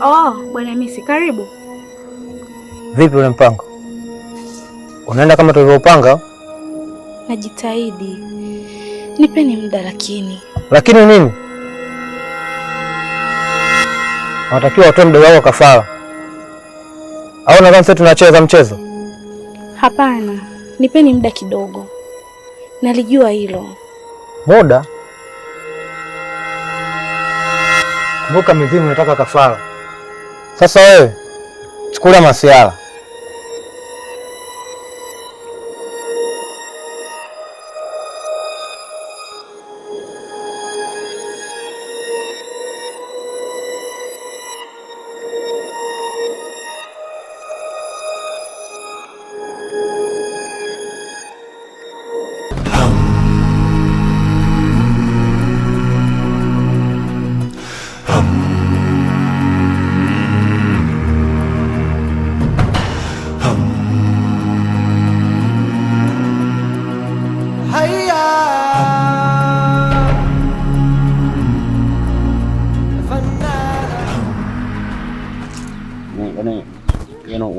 Oh, bwana misi karibu. Vipi ule mpango? Unaenda kama tulivyopanga? Najitahidi, nipeni muda. Lakini lakini nini? Unatakiwa watoe mdogo wako kafara, au nadhani sasa tunacheza mchezo? Hapana, nipeni muda kidogo. Nalijua hilo. Muda? Kumbuka, mizimu inataka kafara. Sasa wewe chukulia masiala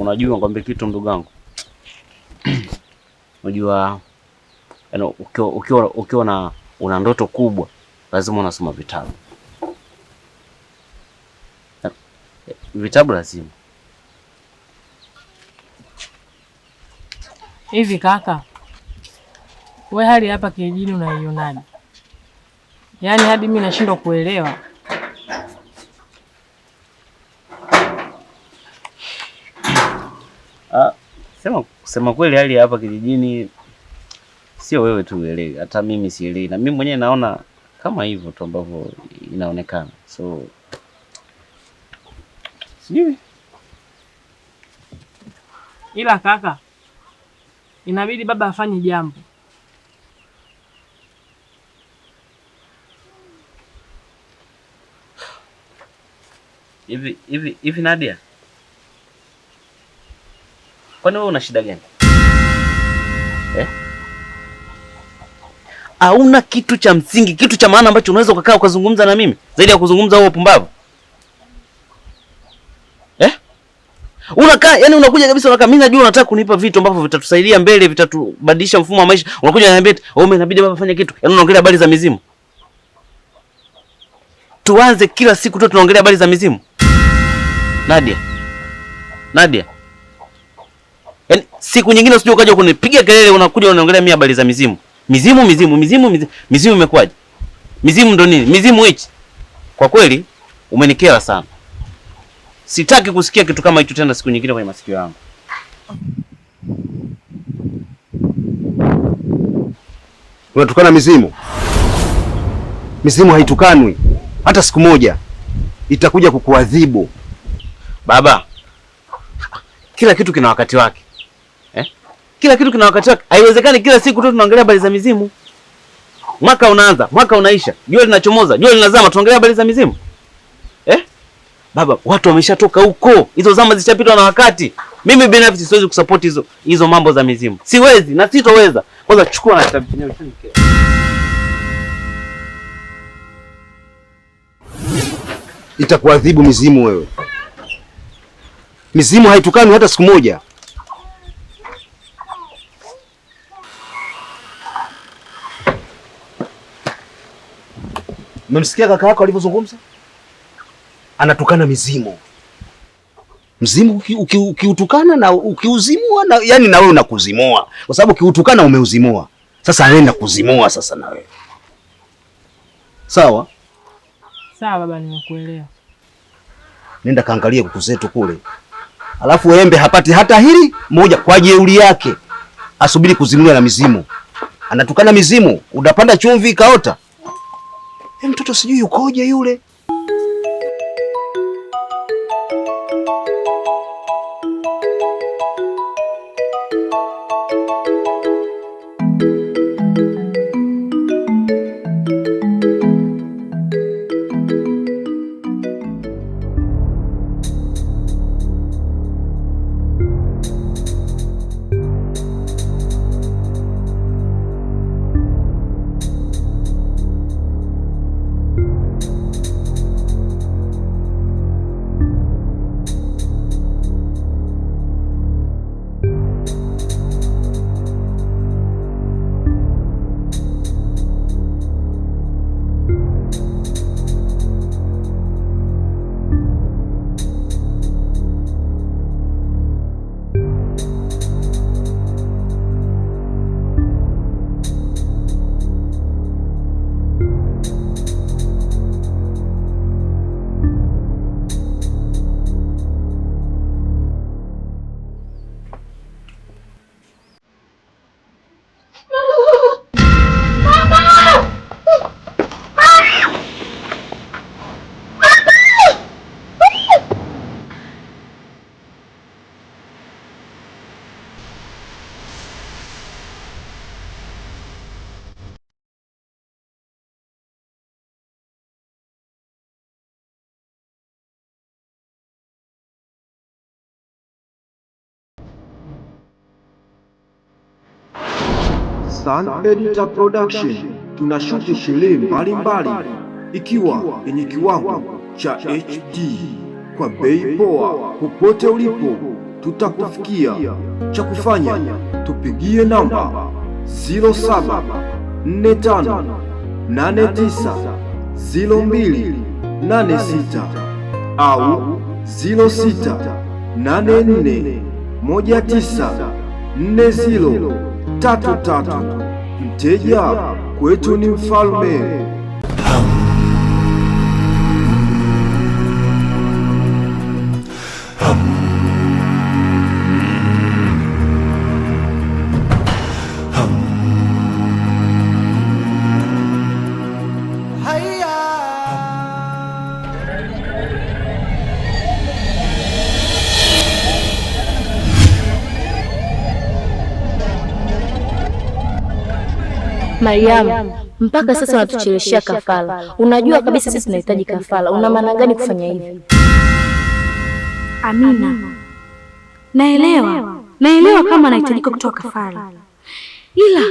unajua nikwambie kitu ndugu yangu. Unajua yani, ukiwa ukiwa ukiwa na una ndoto kubwa lazima unasoma vitabu. Vitabu lazima. Hivi kaka, we hali hapa kijijini unaionaje? Yaani hadi mimi nashindwa kuelewa Kusema kweli, hali hapa kijijini sio wewe tu uelewi, hata mimi sielewi, na mimi mwenyewe naona kama hivyo tu ambavyo inaonekana, so sijui. Ila kaka, inabidi baba afanye jambo. Hivi hivi hivi, Nadia Kwani wewe una shida gani eh? Hauna kitu cha msingi, kitu cha maana ambacho unaweza ukakaa ukazungumza na mimi zaidi ya kuzungumza huo pumbavu eh? Unakaa yani, unakuja kabisa, unakaa mimi najua unataka kunipa vitu ambavyo vitatusaidia mbele, vitatubadilisha mfumo wa maisha, unakuja unaniambia wewe, oh, inabidi baba fanya kitu. Yani unaongelea habari za mizimu, tuanze kila siku tu tunaongelea habari za mizimu. Nadia, Nadia Yaani siku nyingine usije ukaja kunipiga kelele unakuja unaongelea mimi habari za mizimu. Mizimu mizimu mizimu mizimu, mizimu imekwaje? Mizimu ndo nini? Mizimu hichi. Kwa kweli umenikera sana. Sitaki kusikia kitu kama hicho tena siku nyingine kwenye masikio yangu. Unatukana mizimu? Mizimu haitukanwi hata siku moja, itakuja kukuadhibu baba. Kila kitu kina wakati wake. Kila kitu kina wakati wake. Haiwezekani kila siku tu tunaangalia habari za mizimu. Mwaka unaanza, mwaka unaisha, jua linachomoza, jua linazama, tunaongelea habari za mizimu. Eh? Baba, watu wameshatoka huko. Hizo zama zishapitwa na wakati. Mimi binafsi siwezi kusupport hizo hizo mambo za mizimu. Siwezi na sitoweza. Kwanza chukua na kitabu chenyewe Itakuadhibu mizimu wewe. Mizimu haitukani hata siku moja. Mmemsikia kaka yako alivyozungumza? Anatukana mizimu. Mzimu ukiutukana uki na ukiuzimua na, yani na wewe unakuzimua kwa sababu ukiutukana umeuzimua. Sasa anaenda kuzimua sasa na wewe. Sawa? Sawa baba, nimekuelewa. Nenda kaangalie kuku zetu kule. Alafu Embe hapati hata hili moja kwa jeuri yake. Asubiri kuzimua na mizimu. Anatukana mizimu, unapanda chumvi ikaota mtoto sijui yukoje yule. Hassan Editor Production tunashuti shule mbalimbali ikiwa yenye kiwango cha HD kwa bei poa. Popote ulipo, tutakufikia. Cha kufanya tupigie namba 0745 89 02 au 06 84 19 tatu tatu, mteja kwetu ni mfalme. Mariamu, mpaka sasa unatucheleshea kafara. Unajua kabisa sisi tunahitaji kafara. Una maana gani kufanya hivi? Amina, naelewa, naelewa kama anahitajika kutoa kafara, ila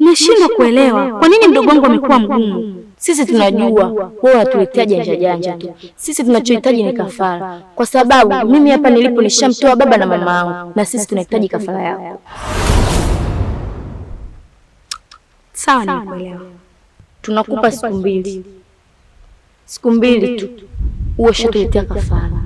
nashindwa kuelewa kwa nini mdogo wangu amekuwa mgumu. Sisi tunajua wewe hatuhitaji janja janja tu, sisi tunachohitaji ni kafara, kwa sababu mimi hapa nilipo nishamtoa baba na mama yangu, na sisi tunahitaji kafara yako. Sawa, nimekuelewa. Tunakupa siku mbili, siku mbili tu, uwe shatuletea kafara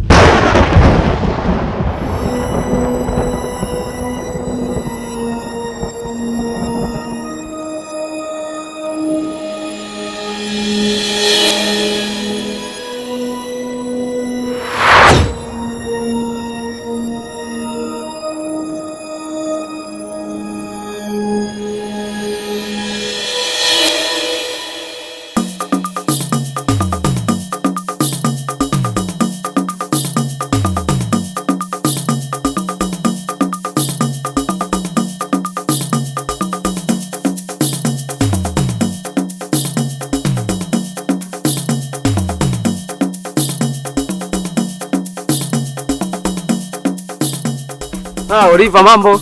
Ah, Oliva mambo?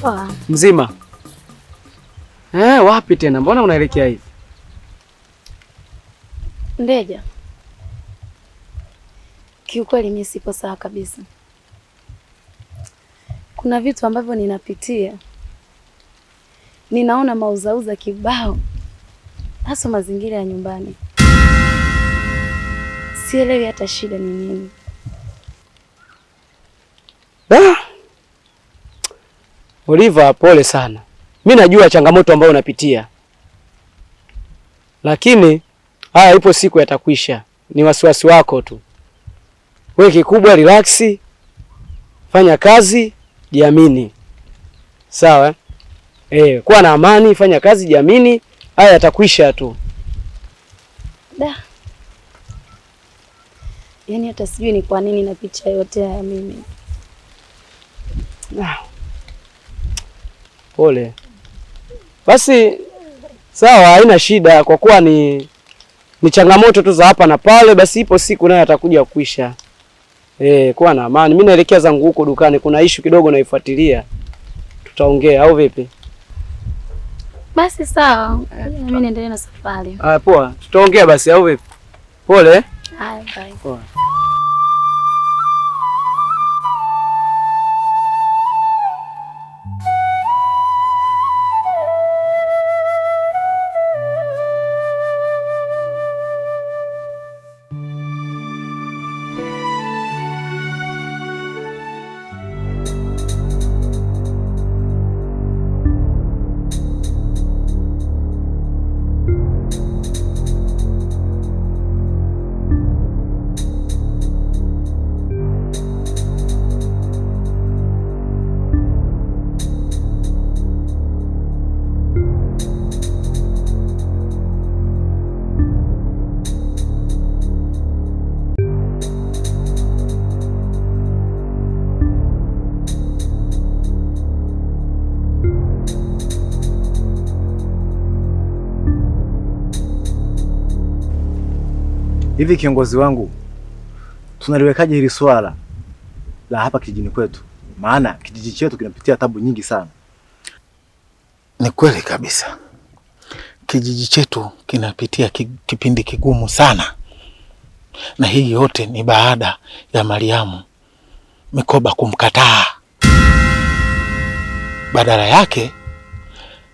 Poa. Mzima. Eh, wapi tena? Mbona unaelekea hivi? Ndeja. Kiukweli mimi sipo sawa kabisa. Kuna vitu ambavyo ninapitia. Ninaona mauzauza kibao. Hasa mazingira ya nyumbani. Sielewi hata shida ni nini. Ah! Oliva, pole sana. Mi najua changamoto ambayo unapitia, lakini haya, ipo siku yatakwisha. Ni wasiwasi wako tu. We kikubwa, relax, fanya kazi, jiamini, sawa eh? Kuwa na amani, fanya kazi, jiamini, haya yatakwisha tu. Da, yaani hata sijui ni kwa nini napitia yote haya mimi ah pole. Basi sawa, haina shida, kwa kuwa ni ni changamoto tu za hapa na pale, basi ipo siku nayo atakuja kuisha. Eh, kuwa na amani. Mimi naelekea zangu huko dukani, kuna ishu kidogo naifuatilia, tutaongea au vipi? Basi sawa, eh, mimi naendelea na safari. Haya, poa, tutaongea basi au vipi? Pole. Eh? Haya, bye. Poa. Hivi kiongozi wangu, tunaliwekaje hili swala la hapa kijijini kwetu? Maana kijiji chetu kinapitia tabu nyingi sana. Ni kweli kabisa, kijiji chetu kinapitia kipindi kigumu sana, na hii yote ni baada ya Mariamu mikoba kumkataa, badala yake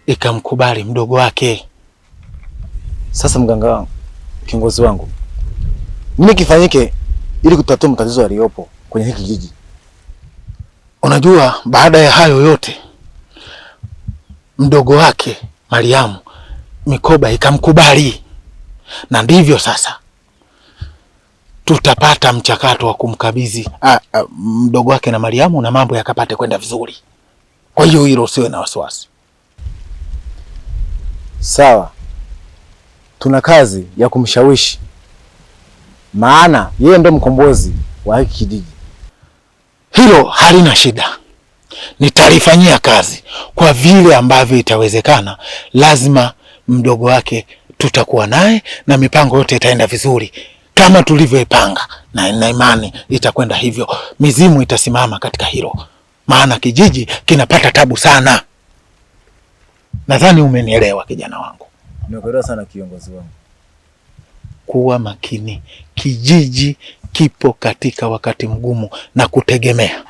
ikamkubali mdogo wake. Sasa mganga wangu, kiongozi wangu nini kifanyike ili kutatua matatizo yaliyopo kwenye hiki kijiji? Unajua, baada ya hayo yote, mdogo wake Mariamu mikoba ikamkubali, na ndivyo sasa tutapata mchakato wa kumkabidhi mdogo wake na Mariamu na mambo yakapate kwenda vizuri. Kwa hiyo hilo usiwe na wasiwasi. Sawa, tuna kazi ya kumshawishi maana yeye ndo mkombozi wa hiki kijiji. Hilo halina shida, nitalifanyia kazi kwa vile ambavyo itawezekana. Lazima mdogo wake tutakuwa naye na mipango yote itaenda vizuri kama tulivyoipanga, na na imani itakwenda hivyo, mizimu itasimama katika hilo, maana kijiji kinapata tabu sana. Nadhani umenielewa kijana wangu. Nimekuelewa sana kiongozi wangu kuwa makini. Kijiji kipo katika wakati mgumu na kutegemea,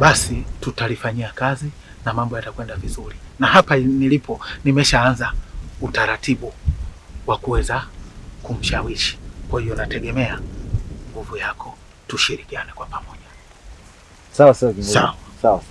basi tutalifanyia kazi na mambo yatakwenda vizuri. Na hapa nilipo nimeshaanza utaratibu wa kuweza kumshawishi. Kwa hiyo nategemea nguvu yako, tushirikiane kwa pamoja. Sawa sawa, sawa sawa.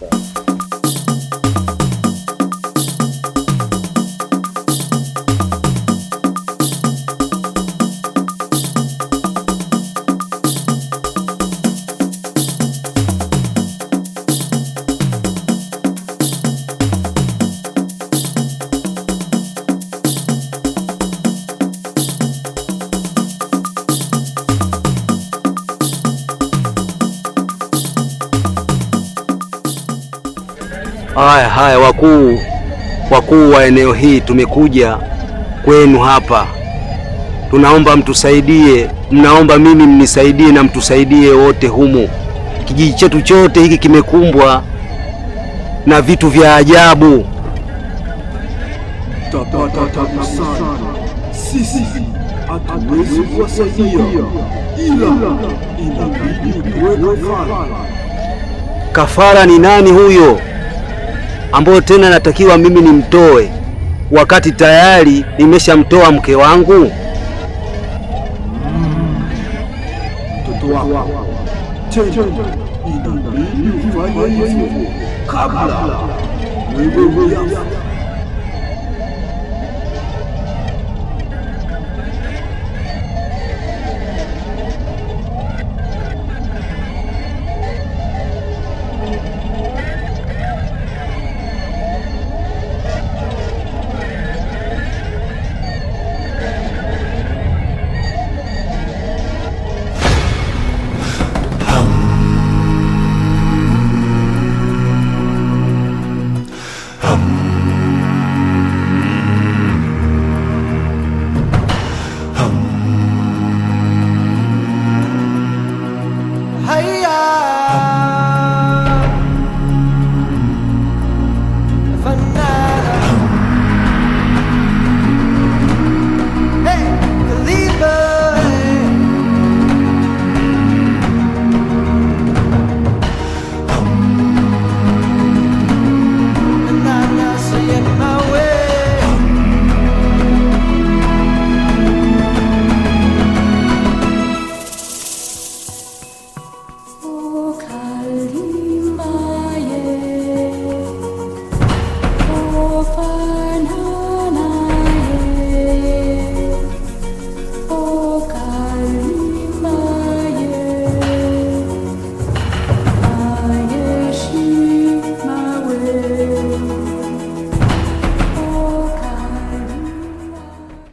Haya haya, wakuu wakuu wa eneo hii, tumekuja kwenu hapa, tunaomba mtusaidie, mnaomba mimi mnisaidie na mtusaidie wote humu. Kijiji chetu chote hiki kimekumbwa na vitu vya ajabu. Sisi hatuwezi kuwasaidia, ila inabidi tuwe kafara. Kafara ni nani huyo? ambayo tena natakiwa mimi nimtoe wakati tayari nimeshamtoa mke wangu? Mtoto wangu wewe